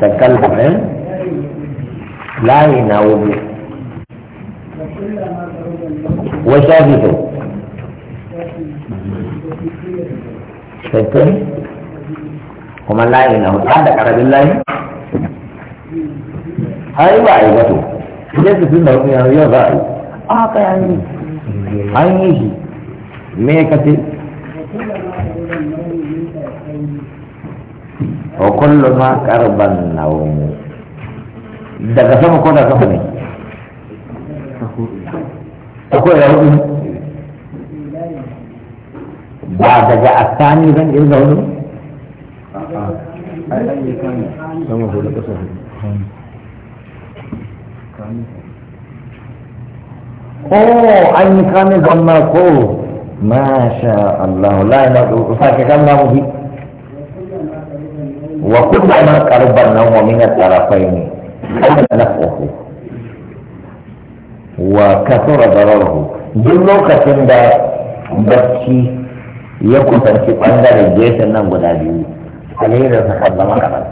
تتكلم ايه لا يناوب kuma layi na hudu da karabin layi ai ba a yi wato idan su fi na yanzu yau za a yi a ka yi an yi shi me ka wa kullu ma qarban nawm daga sama ko daga sama ne ko ya hudu ba daga asani zan hudu oh an yi zama ko Allah la sake kan nan wa وكلما قرب النوم من الطرفين كان نفعه وكثر ضرره duk lokacin da barci ya kusanci ɓangaren gefen nan guda biyu alherin sa kan zama kaɗan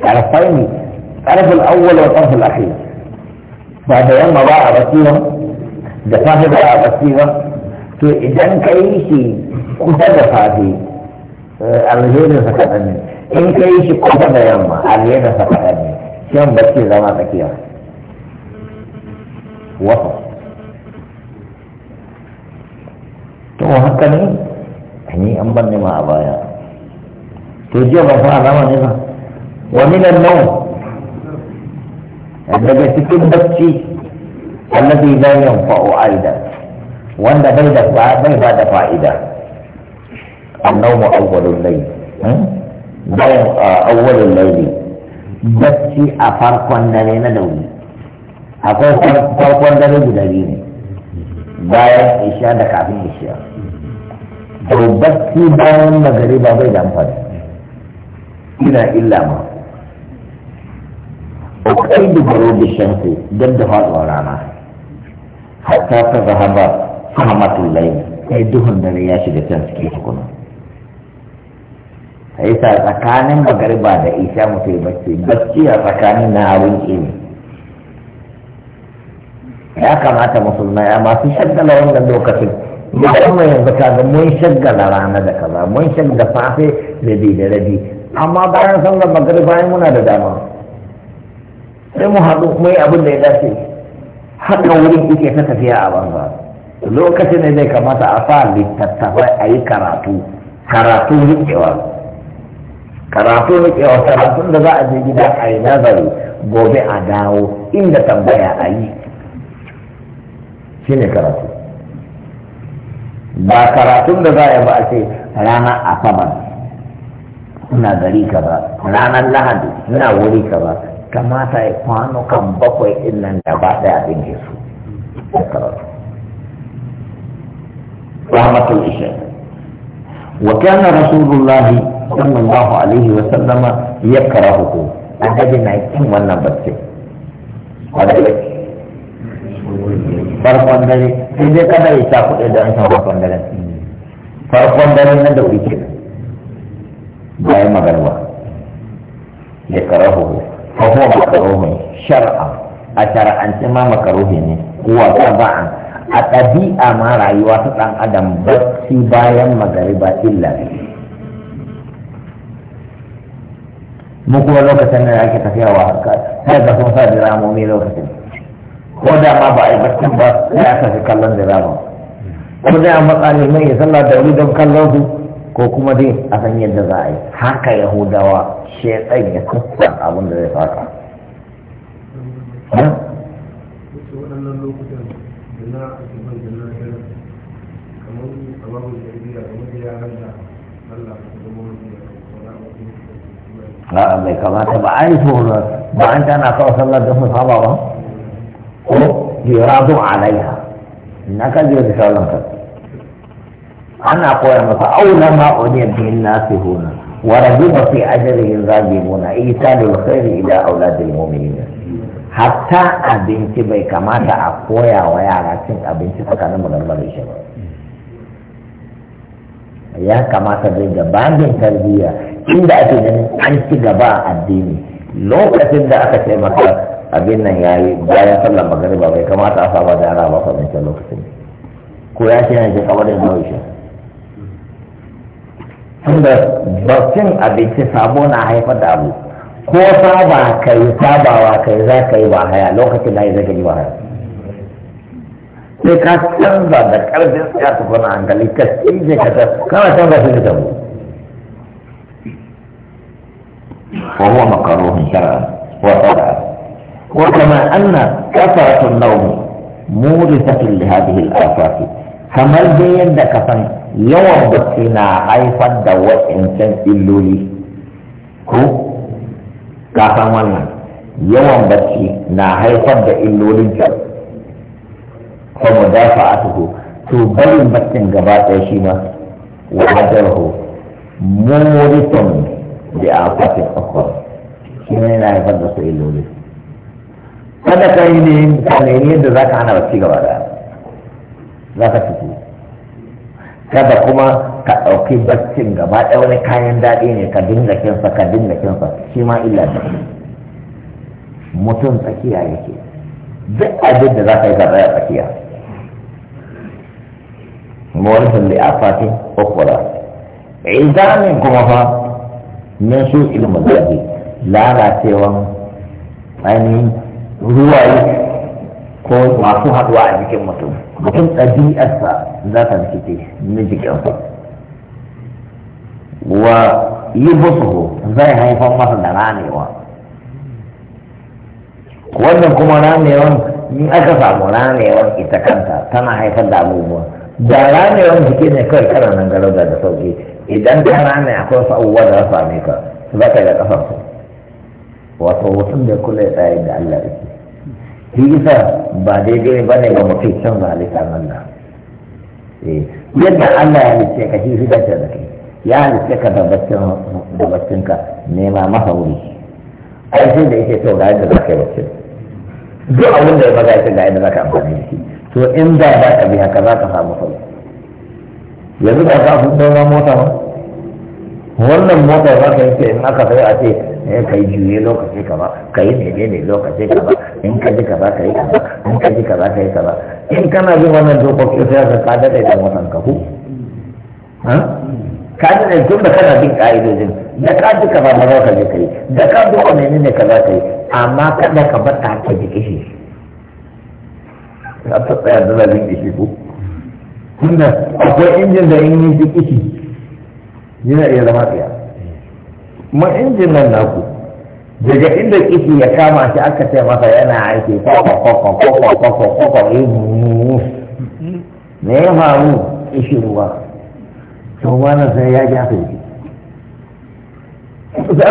ƙarfai ne ƙarfin awwal wa ƙarfin akhir ba da yamma ba a basira da safe ba a ba. to idan ka yi shi kusa da safe alherin sa kaɗan ne in ka yi shi kuma da yamma alherin sa kaɗan ne shan bacci zama tsakiya wasa to haka ne ni an ban ma a baya to jiya ba fa alama ne ba wa minan nau daga cikin bacci alladhi la yanfa'u aidan wanda bai da bai ba da fa'ida النوم أول الليل نوم آه، أول الليل بس أفرق النلين دولي أفرق أفرق النلين دولي بايا إشاء دكافي إشاء دو بس بايا مغربا بيدا مفاد إلا إلا ما أكيد بروب الشمس جد فات ورانا حتى تذهب سهمة الليل أيدهم دريا شدتان سكيت كنا yi sa tsakanin magariba da isha mutum bacci bacci a tsakanin na abin ne ya kamata musulma ya masu shaggala wannan lokacin kuma yanzu kaga mun shaggala rana da kaza mun shaggala safe rabi da rabi amma bayan sallar magariba ya muna da dama sai mu haɗu mu yi abin da ya dace haka wurin ike ta tafiya a banza lokacin ne zai kamata a sa littattafai a yi karatu karatu riƙewa karatu ne ke wata karatun da za a je gida a yi nazari gobe a dawo inda tambaya a yi shi ne karatu ba karatun da za a yi ba a ce rana a saman ina gari ka ba, ranar lahadi ina wuri ka ba, kamata ya kan bakwai din nan da ba ɗaya ɗin su karatu rahmatul ishe, wa kana rasulullahi sallallahu alaihi wa sallama ya a annabi na kin wannan bacci farkon dare sai dai kada ya sha kuɗi da rashin farkon dare farkon dare na da wuri kenan bayan magarwa ya karahu fa huwa makaruhun shar'a a shar'ance ma makaruhi ne kuwa taba'an a ɗabi'a ma rayuwa ta ɗan adam bacci bayan magariba illa ne mu kuma lokacin da ake tafiya wa haka sai ga sun sa lokacin ko da ma ba a yi barcin ba sai aka fi kallon ba ko da an matsa neman ya sallah da wuri don kallon su ko kuma dai a san yadda za a yi haka yahudawa shekai ya kusa abin da zai faka. a'a bai kamata ba ai tsoro ba an tana kawo sallar da su saba ba ko jiradu alaiha na ka je da sauran ka ana koya masa aula ma uniyar bin nasi huna wa rabiba fi ajrihi zabibuna isalul khairi ila auladil mu'minin hatta abinci bai kamata a koya wa yara cin abinci tsakanin mu da shi ba ya kamata dai da babin tarbiyya inda ake ganin an ci gaba a addini lokacin da aka ce maka abin nan ya yi bayan sallar magariba bai kamata a saba da yara ba fahimtar lokacin ko ya ce yanzu kamar da nau'ishin tunda bakin abinci sabo na haifar da abu ko saba kai sabawa kai za ka yi ba haya lokacin da ya zai gani ba haya sai ka canza da karfin siyasa tukuna an gali ka cije ka canza shi da وهو مكروه شرعا وطبعا وكما أن كثرة النوم مورثة لهذه الآفات kamar dai yadda ka yawan bacci na haifar da wa'ancan illoli ko ka wannan yawan bacci na haifar da illolin can kuma barin gaba ɗaya shi ma wa hajarhu da afatin akwai shi ne yana haifar da su illoli kada ka yi ne ka nemi yadda za ka hana ba gaba da za ka fito kada kuma ka ɗauki baccin gaba ɗaya wani kayan daɗi ne ka dinga kinsa ka dinga kinsa shi ma illa ne mutum tsakiya yake duk abin da za ka yi ka tsaya tsakiya mawarisun da afatin ukura izamin kuma fa min su ilmin gaji lalacewan ainihin ruwaye ko masu haɗuwa a jikin mutum mutum ɗabi'arsa za ta rikice na jikinsa wa yi busuhu zai haifar masa da ranewa wannan kuma ramewan ni aka samu ramewan ita kanta tana haifar da abubuwa da ramewan jiki ne kawai kana nan garo da sauki idan dana ne akwai wasu abubuwa da za same ka za ka yi da ƙasar su wato mutum da kula ya tsaye da Allah ke shi isa ba daidai ba ne ga mutum canza nan Allah eh, yadda Allah ya halitta ka shi shi da ke zaki ya halitta ka da bacin ka nema masa wuri ai sai da yake to ga yadda za ka yi bacin duk abin da ya maza ya ce ga yadda za ka amfani da shi to in da ba ka bi haka za ka samu sauki yanzu ba ka sun ma mota ba wannan mota za ka yi ce in aka sai a ce eh ka yi juye lokaci ba ka yi mene ne lokaci ba in ka ji ba ka yi ba in ka ji ba ka yi ba in kana jin wannan dokoki sai ka ka daɗe da motan ka ku ka daɗe tun da kana bin ka'idojin da ka ji ba ma za ka je ka yi da ka duka mene ne za ka yi amma kada ka bata ta ka ji kishi ka ta tsaya da zalin kishi ku tunda akwai injin da in yi jikiki yana iya zama tsaya ma injin nan naku daga inda kiki ya kama shi aka ce masa yana aiki kwakwa kwakwa kwakwa kwakwa kwakwa ne eh, ya faru ruwa da za a za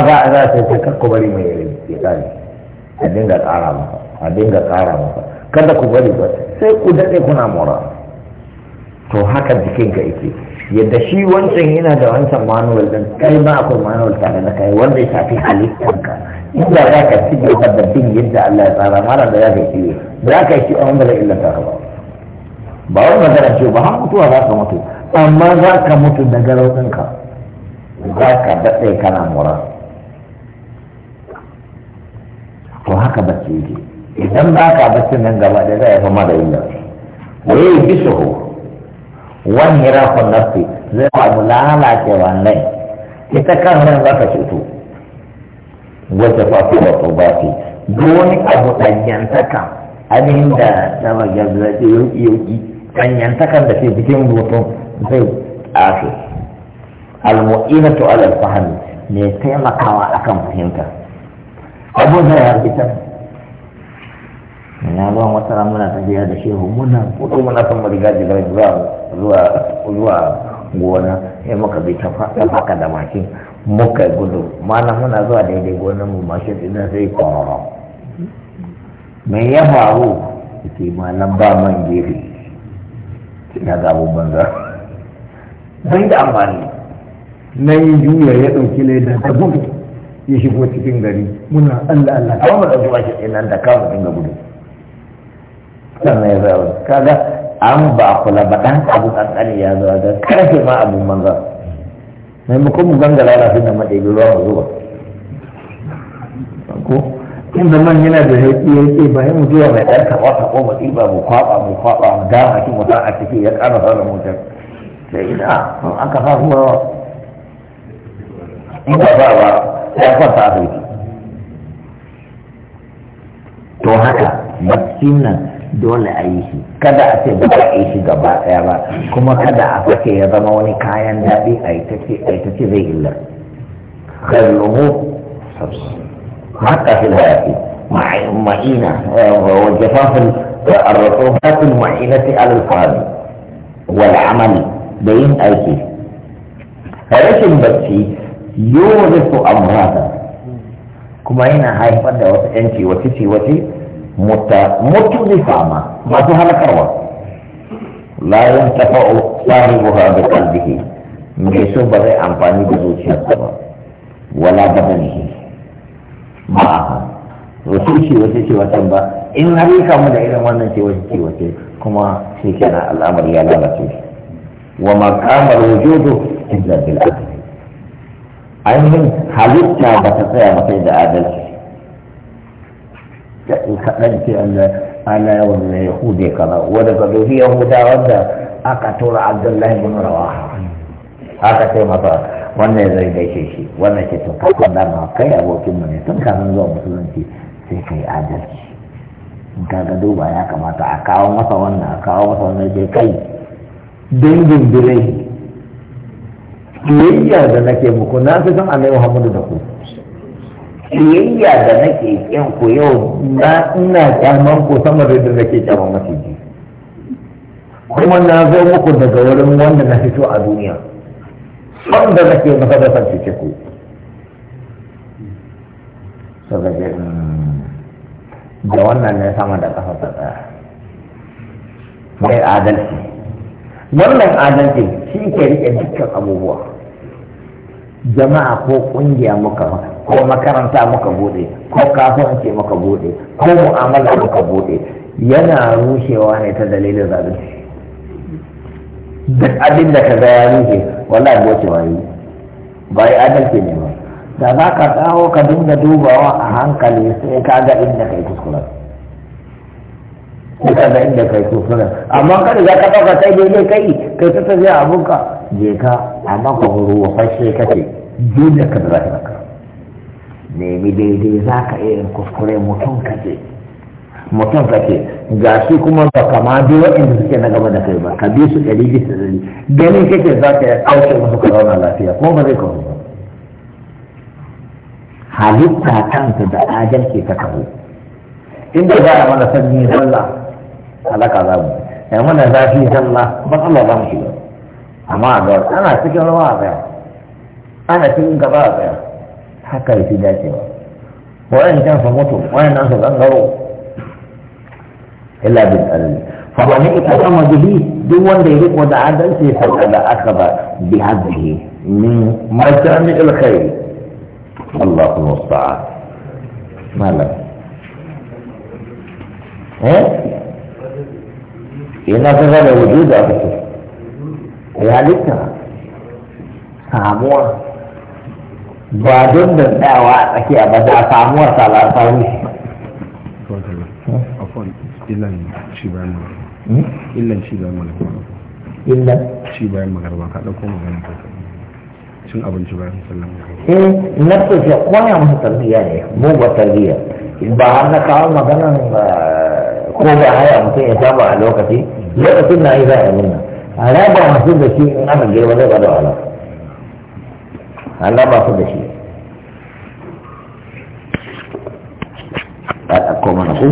a bari ya a dinga tsara a dinga kara masa kada ku bari ba sai ku daɗe kuna mura to haka jikinka yake yadda shi wancan yana da wancan manuwal din kai ma akwai manuwal tare da kai wanda ya shafi halittanka inda za ka ci gaba da bin yadda Allah ya tsara mara da za ka ciwo za ka ci a wanda illa ta ba ba wani magana ce ba har mutuwa za ka mutu amma za ka mutu da garautinka za ka daɗe kana mura to haka bacci yake idan ba ka bacci nan gaba da zai fama da illa wa yi bisu wani hirafin nafi zai samu lalacewa nai ita kan ran za ka cutu wata fafi da tsubati duk abu ɗanyantaka ainihin da sama ce yauki yauki ɗanyantakan da ke bikin mutum zai ƙafe al to alal fahimi ne taimakawa akan fahimta abu zai harbitar na zuwa wata ramuna ta biya da shehu muna kudu muna kan mu riga jigar zuwa zuwa gona ya muka bi ta faka da mashin muka gudu mana muna zuwa daidai gonan mu mashin din sai kwararo me ya faru ke malam ba man gefe na ga banza za bai da amfani na yi juya ya ɗauki leda da gudu ya shigo cikin gari muna allah allah kawai mu ɗauki mashin nan da kawai dinga gudu sannan ya zaɓa kaga an ba kula ba ɗan abu ƙanƙani ya zaɓa da karfe ma abun manza maimakon mu gangara da suna maɗebi ruwa mu zuba ko inda man yana da haƙi ya ce ba mu zuwa mai ɗan karɓa ta ko matsi mu kwaɓa mu kwaɓa mu dama shi mu a ciki ya ƙara sa da motar sai ina an aka sa kuma in ba ba ya kwanta a to haka bakin nan dole a yi shi kada a ce ba a yi shi gaba ɗaya ba kuma kada a sake ya zama wani kayan daɗi a yi ta ce zai illa khairul haka shi da hayati ma'ina wa jafafin arrafafatin ma'ina ta alfahari wal amali da yin aiki rashin bacci yau da su amurata kuma yana haifar da wata yanci wace ce wace mutta mutu ne fama ma ta halakarwa la yan tafa'u sahibu ha bi qalbihi me so ba zai amfani da zuciya ba wala da bani ma ha rusuci wace ce wata ba in har yi kamu da irin wannan ce wace ce wace kuma shi ke al'amari ya lalace wa ma makamar wujudu inda bil adali ainihin halitta ba ta tsaya mata da adalci kaɗan ce ana yawan na yahudi kaza wadda ka dofi yahuda wanda aka tura abdullahi bin rawaha aka ce masa wannan zai gaishe shi wannan ce tun kakon dama kai abokin mu ne tun kafin zuwa musulunci sai kai adalci kaga duba ya kamata a kawo masa wannan a kawo masa wannan ce kai dangin birai biyayya da nake muku na fi son annabi muhammadu da ku biyayya da nake kyan ku yau na ina kyaman ku sama da nake kyaman maciji kuma na zo muku daga wurin wanda na fito a duniya son da nake maka da san cece ku saboda da wannan ne sama da kafa ta tsaya mai adalci wannan adalci shi ke rike dukkan abubuwa jama'a ko kungiya muka ko makaranta muka bude ko kasuwanci muka bude ko mu'amala muka bude yana rushewa ne ta dalilin zalunci duk abin da ka ga ya rushe wallahi gocewa yi ba ya adalci ne ba da za ka dawo ka dinga dubawa a hankali sai ka ga inda kai ko Ka ga inda kai kuskura amma kada za ka ɗauka kai daidai kai kai ta tafiya abunka je ka amma ka ruwa fashe kake duniya ka da zahirarka nemi daidai za ka iya yin kuskure mutum kake mutum ce ga shi kuma ba kama duk waɗanda suke na gaba da kai ba ka bi su ɗari bisa ɗari ganin kake za ka iya kauce musu ka zauna lafiya ko ba zai kawo ba halitta kanta da adalci ta kawo inda za a mana sanyi sallah halaka za mu ya mana zafi sallah ban Allah za mu shiga amma ga ana cikin rawa a tsaya ana cikin gaba a tsaya haka ya fi dacewa wayan can su mutu wayan nan su gangaro illa bin Fa tsarin fabani ita kama bihi duk wanda ya riko da adalci ya sauka da aka ba bi hadhihi min majami alkhair Allahu musta'an malam eh ina ga da wujuda ka ce ya halitta samuwa ba don da tsayawa a tsakiya ba da samuwar salasawi illan shi bayan hmm? illan shi bayan magarba illan shi bayan magarba ka ko magana ta cin abinci bayan sallan eh na so ya koya tarbiyya ne mu ba tarbiyya ba har na kawo magana eh, ko ba haya mutum ya saba a lokaci hmm. lokacin na yi za a yi nuna a raba masu da shi in aka girma zai ba da wahala Allah ba su da shi a